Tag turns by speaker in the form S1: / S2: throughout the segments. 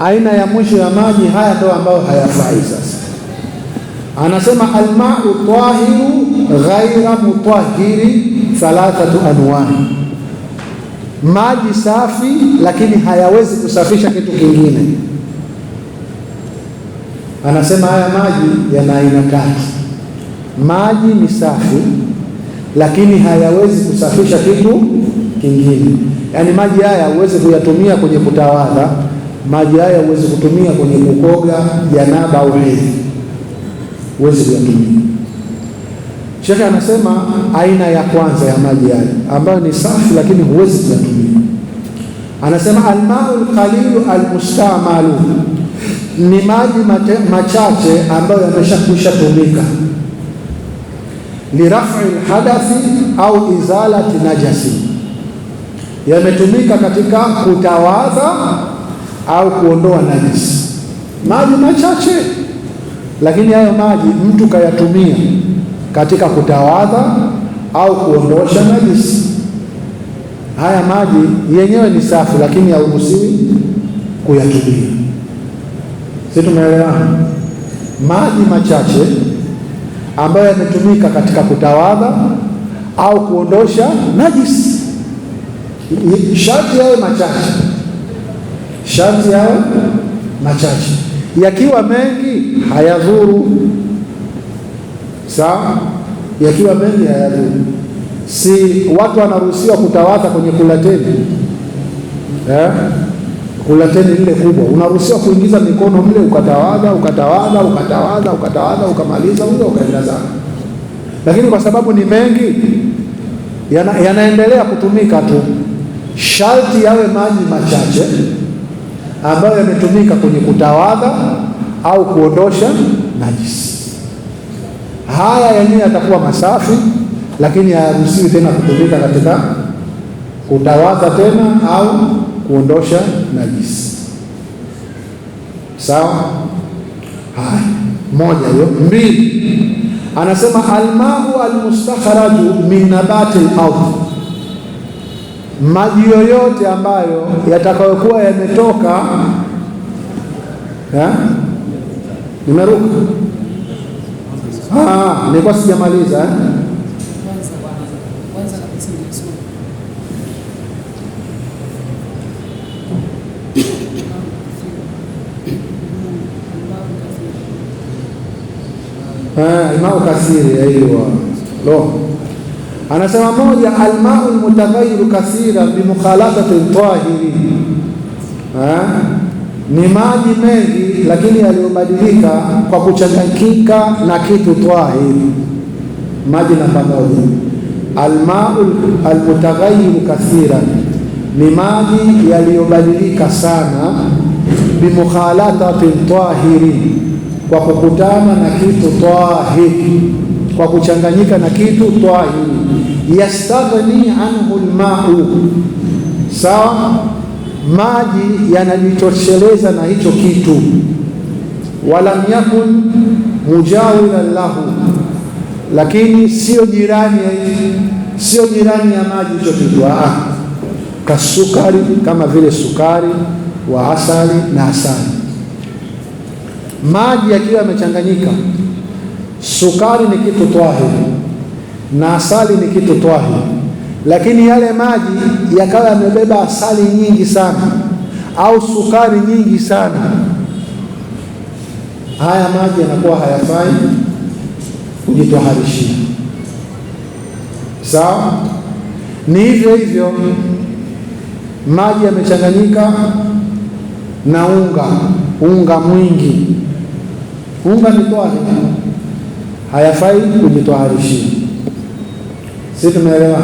S1: aina ya mwisho ya maji haya ndio ambayo hayafai. Sasa anasema almau tahiru ghaira mutahiri thalathatu anwani, maji safi lakini hayawezi kusafisha kitu kingine. Anasema haya maji yana aina tatu. Maji ni safi lakini hayawezi kusafisha kitu kingine, yaani maji haya huwezi kuyatumia kwenye kutawadha maji haya huwezi kutumia kwenye kukoga janaba au hedhi, huwezi kuyatumia. Shekhe anasema aina ya kwanza ya maji haya ambayo ni safi, lakini huwezi kuyatumia. Anasema almau lqalilu almustamalu, ni maji machache ambayo yameshakwisha tumika lirafi lhadathi au izalati najasi, yametumika katika kutawadha au kuondoa najisi. Maji machache, lakini hayo maji mtu kayatumia katika kutawadha au kuondosha najisi. Haya maji yenyewe ni safi, lakini hauruhusiwi kuyatumia. Si tumeelewana? Maji machache ambayo yametumika katika kutawadha au kuondosha najisi, sharti yawe machache sharti yawe machache, yakiwa mengi hayadhuru. Sawa, yakiwa mengi hayadhuru. Si watu wanaruhusiwa kutawadha kwenye kulateni eh? Kulateni lile kubwa, unaruhusiwa kuingiza mikono mle, ukatawadha ukatawadha ukatawadha ukatawadha, ukamaliza ule ukaenda zako, lakini kwa sababu ni mengi yana, yanaendelea kutumika tu, sharti yawe maji machache ambayo yametumika kwenye kutawadha au kuondosha najisi. Haya yenyewe yatakuwa masafi, lakini hayaruhusiwi tena kutumika katika kutawadha tena au kuondosha najisi. Sawa. Haya, moja hiyo. Mbili, anasema almahu almustakhraju min nabati al-ardh maji yoyote ambayo yatakayokuwa yametoka ya? Eh? nimeruka ah, nilikuwa sijamaliza eh? Ah, kasiri aiwa lo Anasema moja, almau lmutaghayiru kathira bimukhalatat tahiri, ni maji mengi lakini yaliyobadilika kwa kuchanganyika na kitu tahiri, maji na pamoja. Almau almutaghayyiru kathira ni maji yaliyobadilika sana, bimukhalatat tahiri, kwa kukutana na kitu tahiri kwa kuchanganyika na kitu tahiri, yastaghni anhu lmau, sawa, maji yanajitosheleza na hicho kitu. Walam yakun mujawiran lahu, lakini sio jirani, sio jirani ya maji hicho kitu. Ah, kasukari, kama vile sukari wa asali na asali, maji yakiwa yamechanganyika Sukari ni kitu twahiri na asali ni kitu twahiri, lakini yale maji yakawa yamebeba asali nyingi sana au sukari nyingi sana, haya maji yanakuwa hayafai kujitwaharishia. Sawa, ni hivyo hivyo maji yamechanganyika na unga, unga mwingi, unga ni twahiri hayafai kujitoharishia. Sisi tumeelewa,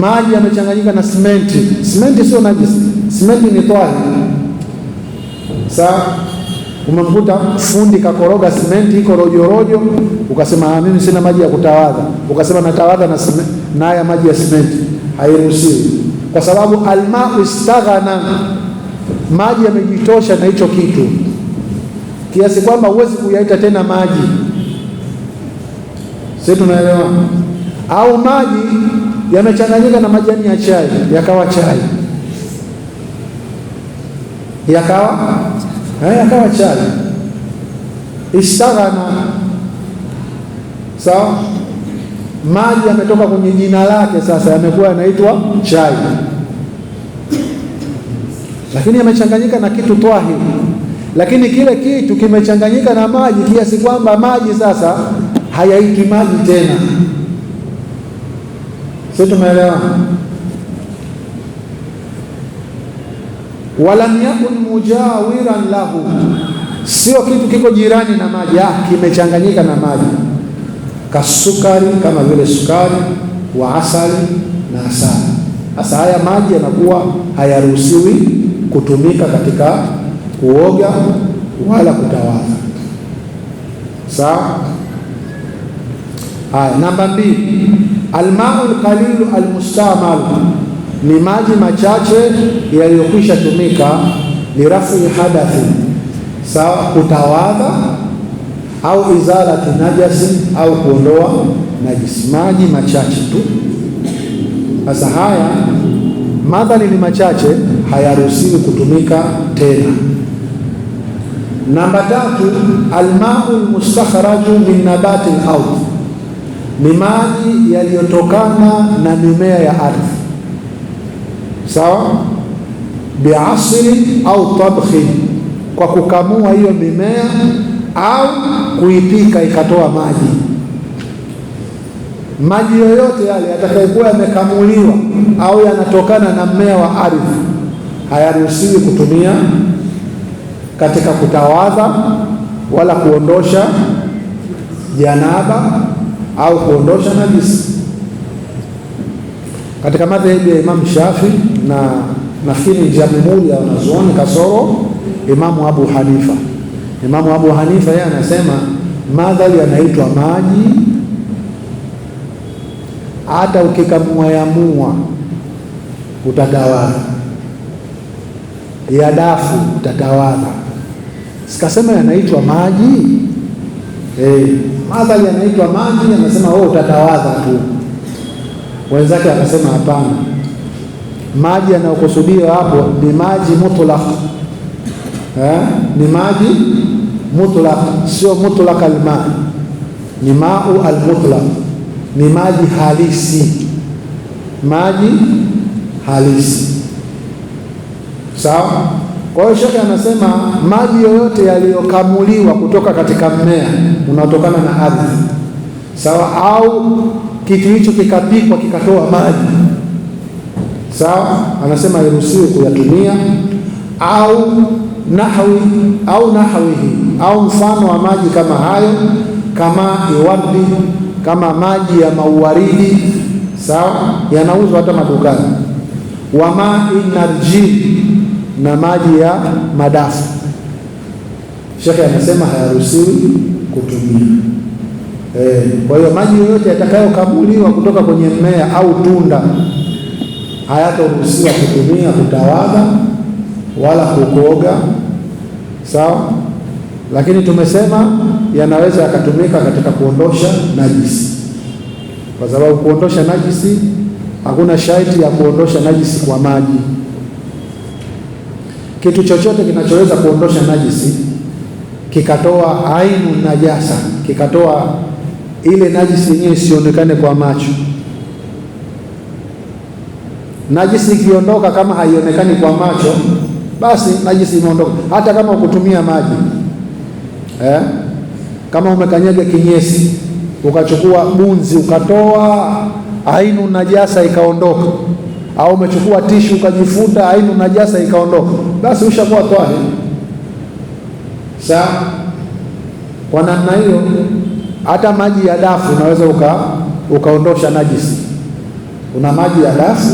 S1: maji yamechanganyika na simenti. Simenti sio najisi, simenti ni twahiri. Sawa, umemkuta fundi kakoroga simenti iko rojorojo, ukasema ah, mimi sina maji ya kutawadha, ukasema natawadha na na haya maji ya simenti. Hairuhusiwi kwa sababu almau istaghana, maji yamejitosha na hicho kitu kiasi kwamba huwezi kuyaita tena maji. Sisi tunaelewa Au maji yamechanganyika na majani ya chai yakawa chai yakawa eh, yakawa chai istaghana. Sawa, maji yametoka kwenye jina lake, sasa yamekuwa yanaitwa chai, lakini yamechanganyika na kitu twahiri, lakini kile kitu kimechanganyika na maji kiasi kwamba maji sasa hayaiti maji tena, si tumeelewa? walam yakun mujawiran lahu, sio kitu kiko jirani na maji, ah, kimechanganyika na maji, kasukari, kama vile sukari wa asali na asali. Sasa haya maji yanakuwa hayaruhusiwi kutumika katika kuoga wala kutawadha, sawa? Haya, ah, namba mbili, almau lkalilu almustamal, ni maji machache yaliyokwisha tumika lirafi hadathi, sawa, kutawadha au izalati najasi au kuondoa najisi, maji machache tu. Sasa haya madhali ni machache, hayaruhusiwi kutumika tena. Namba tatu, almau lmustakhraju min nabati al ni maji yaliyotokana na mimea ya ardhi, sawa biasri au tabkhi kwa kukamua hiyo mimea au kuipika ikatoa maji. Maji yoyote yale yatakayokuwa yamekamuliwa au yanatokana na mmea wa ardhi hayaruhusiwi kutumia katika kutawadha wala kuondosha janaba au kuondosha najisi. Katika madhehebu ya Imamu Shafi na nafikiri jamhuri ya wanazuoni kasoro Imamu Abu Hanifa. Imamu Abu Hanifa yeye anasema madhali yanaitwa maji, hata ukikamuayamua utatawadha, ya dafu utatawadha. Sikasema yanaitwa maji Eh, Madhali anaitwa maji, anasema wewe oh, utatawadha tu. Wenzake akasema hapana, maji yanayokusudiwa hapo ni maji mutlaq eh, ni maji mutlaq, sio mutlaq alma, ni mau almutlaq, ni maji halisi, maji halisi sawa kwa hiyo shekhe anasema maji yoyote yaliyokamuliwa kutoka katika mmea unaotokana na ardhi sawa, au kitu hicho kikapikwa kikatoa maji sawa, anasema iruhusiwe kuyatumia au nahwi au nahwihi au mfano wa maji kama hayo, kama iwardi, kama maji ya mauwaridi sawa, yanauzwa hata madukani. Wama inarji na maji ya madafu. Shekhe anasema hayaruhusiwi kutumia. E, kwa hiyo maji yoyote yatakayokamuliwa kutoka kwenye mmea au tunda hayataruhusiwa kutumia kutawadha wala kukoga, sawa. Lakini tumesema yanaweza yakatumika katika kuondosha najisi, kwa sababu kuondosha najisi hakuna sharti ya kuondosha najisi kwa maji. Kitu chochote kinachoweza kuondosha najisi kikatoa ainu najasa, kikatoa ile najisi yenyewe isionekane kwa macho. Najisi ikiondoka kama haionekani kwa macho, basi najisi imeondoka, hata kama ukutumia maji eh? Kama umekanyaga kinyesi ukachukua bunzi ukatoa ainu najasa ikaondoka au umechukua tishu ukajifuta ainu najasa ikaondoka, basi ushakuwa twahi. Sawa. Kwa namna hiyo hata maji ya dafu unaweza uka ukaondosha najisi. Una maji ya dafu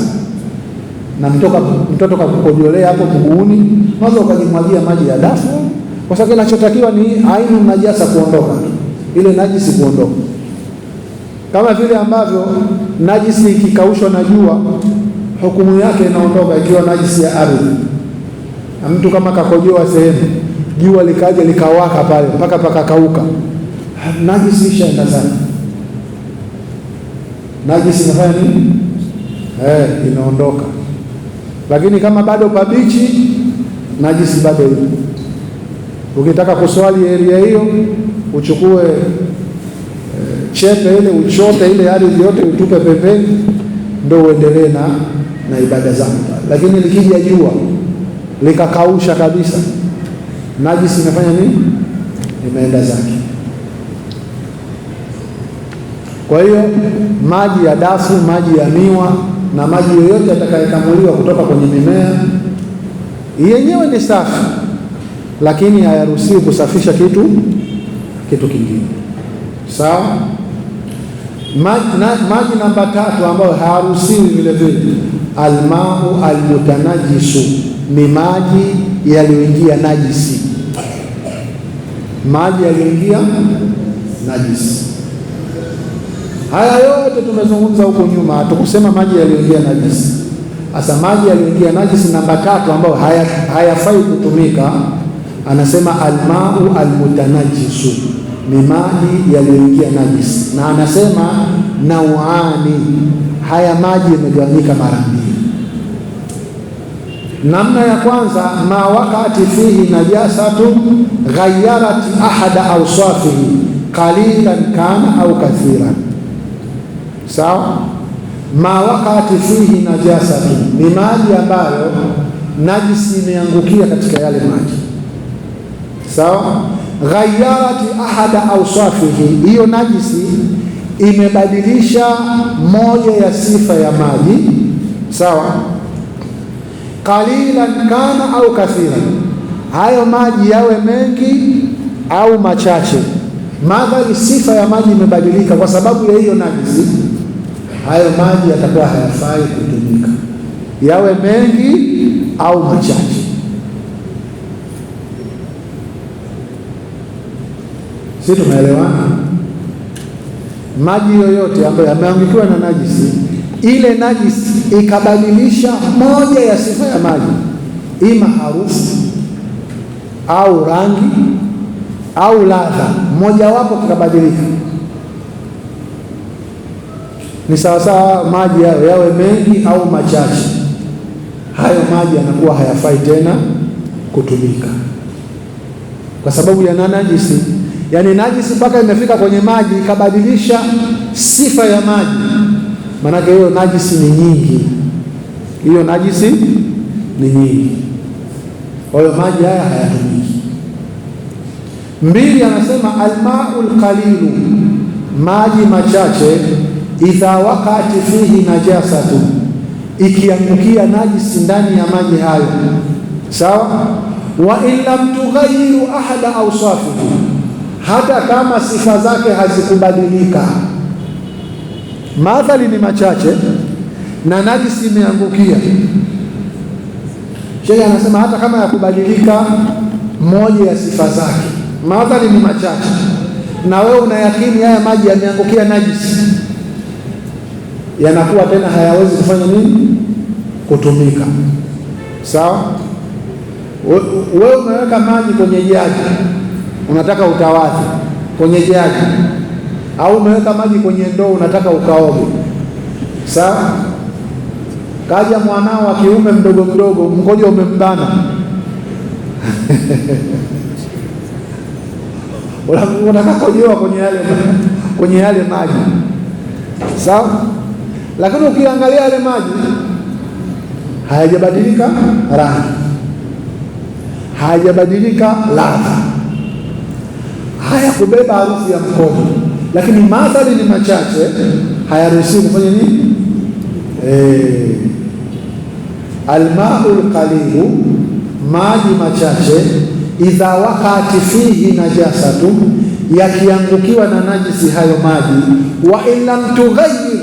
S1: na mtoka, mtoto kakukojolea hapo mguuni, unaweza ukajimwagia maji ya dafu, kwa sababu kinachotakiwa ni aina najasa kuondoka, ile najisi kuondoka, kama vile ambavyo najisi ikikaushwa na jua hukumu yake inaondoka ikiwa najisi ya ardhi. Na mtu kama kakojoa sehemu, jua likaja likawaka pale mpaka pakakauka, najisi ishaenda sana. Najisi inafanya nini? Eh, inaondoka. Lakini kama bado pabichi, najisi bado ipo. Ukitaka kuswali area hiyo, uchukue eh, chepe ile, uchote ile ardhi yote, utupe pembeni, ndio uendelee na na ibada zangu, lakini likija jua likakausha kabisa, najisi imefanya nini? Imeenda zake. Kwa hiyo maji ya dafu, maji ya miwa na maji yoyote yatakayokamuliwa kutoka kwenye mimea yenyewe ni safi, lakini hayaruhusiwi kusafisha kitu kitu kingine. Sawa. Maji namba tatu ambayo hayaruhusiwi vile vile almau almutanajisu ni maji yaliyoingia najisi, maji yaliyoingia najisi. Haya yote tumezungumza huko nyuma, tukusema maji yaliyoingia najisi. Sasa maji yaliyoingia najisi namba tatu, ambayo hayafai haya kutumika, anasema almau almutanajisu ni maji yaliyoingia najisi, na anasema nauani, haya maji yamegawanyika mara Namna ya kwanza, ma wakati fihi najasatu ghayarat ahada auswafihi qalilan kana au kathiran. Sawa, ma wakati fihi najasatu ni maji ambayo najisi imeangukia katika yale maji. Sawa, ghayarat ahada auswafihi hiyo najisi imebadilisha moja ya sifa ya maji. Sawa qalilan kana au kathira, hayo maji yawe mengi au machache. Madhali sifa ya maji imebadilika kwa sababu ya hiyo najisi, hayo maji yatakuwa hayafai kutumika, yawe mengi au machache. Si tumeelewana? Maji yoyote ambayo yameangukiwa na najisi ile najisi ikabadilisha moja ya sifa ya maji, ima harufu au rangi au ladha, mmojawapo kikabadilika, ni sawasawa maji hayo yawe mengi au machache, hayo maji yanakuwa hayafai tena kutumika kwa sababu yana najisi. Yani najisi mpaka imefika kwenye maji ikabadilisha sifa ya maji maanake hiyo najisi ni nyingi, hiyo najisi ni nyingi. Kwa hiyo maji haya hayatumiki. Mbili, anasema almau lqalilu, maji machache, idha wakati fihi najasatu, ikiangukia najisi ndani ya maji hayo, sawa wa in lam tughayiru ahada awsafihi, hata kama sifa zake hazikubadilika Madhali ni machache na najisi imeangukia. shehe anasema hata kama yakubadilika moja ya sifa zake, madhali ni machache na wewe unayakini haya maji yameangukia najisi, yanakuwa tena hayawezi kufanya nini? Kutumika. Sawa, wewe unaweka maji kwenye jagi, unataka utawadhi kwenye jagi au umeweka maji kwenye ndoo unataka ukaoge. Sawa, kaja mwanao wa kiume mdogo mdogo, mkojo umembana unataka kojoa kwenye yale kwenye yale maji sawa, lakini ukiangalia yale maji hayajabadilika rangi, hayajabadilika ladha, haya kubeba harufu ya mkojo lakini madhari ni machache, hayaruhusiwi kufanya nini? Eh, almau lqalilu, maji machache, idha wakati fihi najasatu, yakiangukiwa na najisi hayo maji, wa in lam tughayyir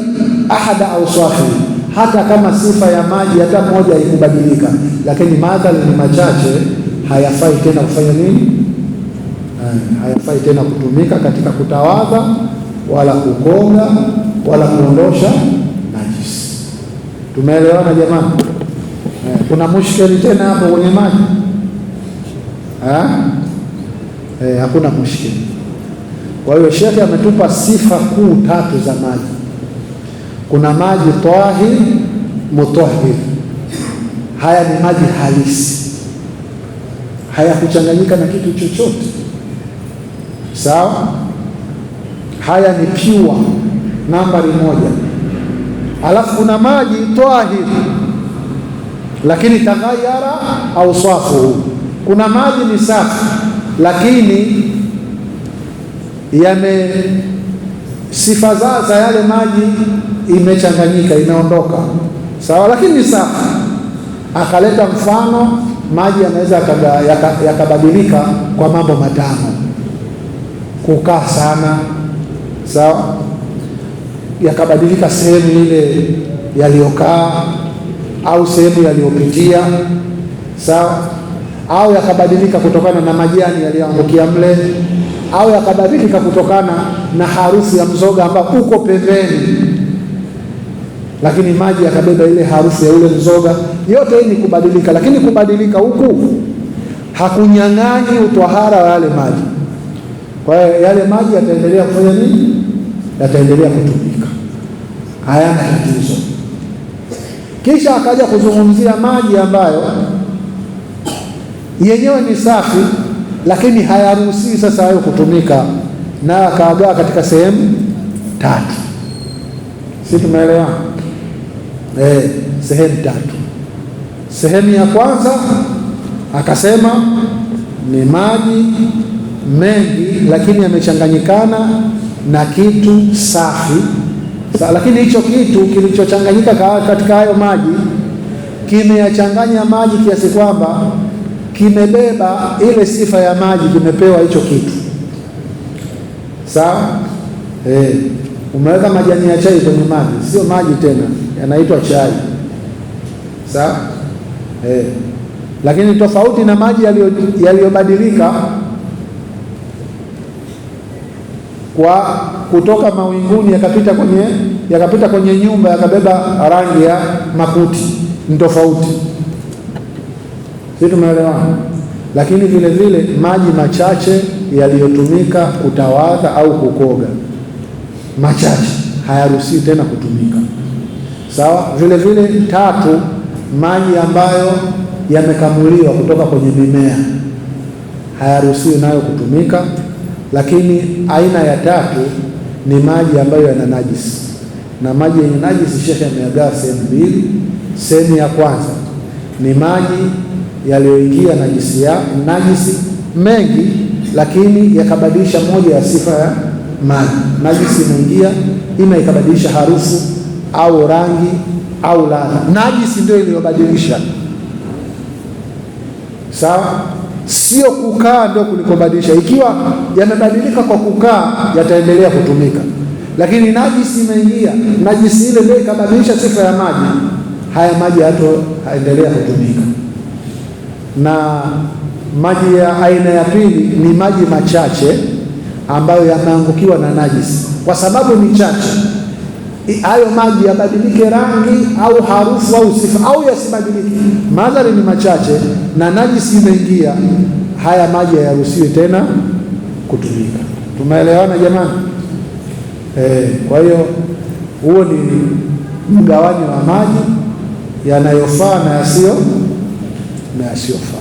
S1: ahada awsafi, hata kama sifa ya maji hata moja haikubadilika, lakini madhari ni machache, hayafai tena kufanya nini Eh, hayafai tena kutumika katika kutawadha wala kukonga wala kuondosha najisi. Tumeelewana jamani? Eh, kuna mushkeli tena hapo kwenye maji? Eh, hakuna mushkeli. Kwa hiyo shekhe ametupa sifa kuu tatu za maji. Kuna maji tahir, mutahhir. Haya ni maji halisi, hayakuchanganyika na kitu chochote. Sawa, haya ni pure nambari moja. Alafu kuna maji twahir, lakini taghayara auswafuhu, kuna maji ni safi lakini yame sifa za yale maji imechanganyika imeondoka, sawa, lakini ni safi. Akaleta mfano maji yanaweza yakabadilika yaka kwa mambo matano kukaa sana, sawa, yakabadilika sehemu ile yaliyokaa au sehemu yaliyopitia, sawa, au yakabadilika kutokana na majani yaliyoangukia mle, au yakabadilika kutokana na harufu ya mzoga ambao uko pembeni lakini maji yakabeba ile harufu ya ule mzoga. Yote hii ni kubadilika, lakini kubadilika huku hakunyang'anyi utwahara wa yale maji. Kwa hiyo yale maji yataendelea kufanya nini? Yataendelea kutumika, hayana tatizo. Kisha akaja kuzungumzia maji ambayo yenyewe ni safi, lakini hayaruhusiwi sasa hayo kutumika, nayo akaagawa katika sehemu tatu, si tumeelewa? Eh, sehemu tatu. Sehemu ya kwanza akasema ni maji mengi, lakini yamechanganyikana na kitu safi sa, lakini hicho kitu kilichochanganyika katika hayo maji kimeyachanganya maji kiasi kwamba kimebeba ile sifa ya maji, kimepewa hicho kitu sawa. Eh, umeweka majani ya chai kwenye maji, sio maji tena, yanaitwa chai sawa. Eh, lakini tofauti na maji yaliyobadilika kwa kutoka mawinguni yakapita kwenye yakapita kwenye nyumba yakabeba rangi ya makuti, ni tofauti. Sisi tumeelewana. Lakini vile vile maji machache yaliyotumika kutawadha au kukoga, machache hayaruhusiwi tena kutumika. Sawa. Vile vile, tatu, maji ambayo yamekamuliwa kutoka kwenye mimea hayaruhusiwi nayo kutumika. Lakini aina ya tatu ni maji ambayo yana najisi, na maji yenye najisi shekhe ameagawa sehemu mbili. Sehemu ya kwanza ni maji yaliyoingia najisi ya najisi mengi, lakini yakabadilisha moja ya sifa ya maji. Najisi imeingia, ima ikabadilisha harufu au rangi au ladha. Najisi ndio iliyobadilisha, sawa sio kukaa ndio kulikobadilisha. Ikiwa yamebadilika kwa kukaa, yataendelea kutumika, lakini najisi imeingia, najisi ile ndio ikabadilisha sifa ya maji, haya maji hato haendelea kutumika. Na maji ya aina ya pili ni maji machache ambayo yameangukiwa na najisi, kwa sababu ni chache hayo maji yabadilike rangi au harufu au sifa au yasibadilike. Madhari ni machache na najisi imeingia, haya maji hayaruhusiwi tena kutumika. Tumeelewana jamani? E, kwa hiyo huo ni mgawanyo wa maji yanayofaa na yasiyo na yasiyofaa.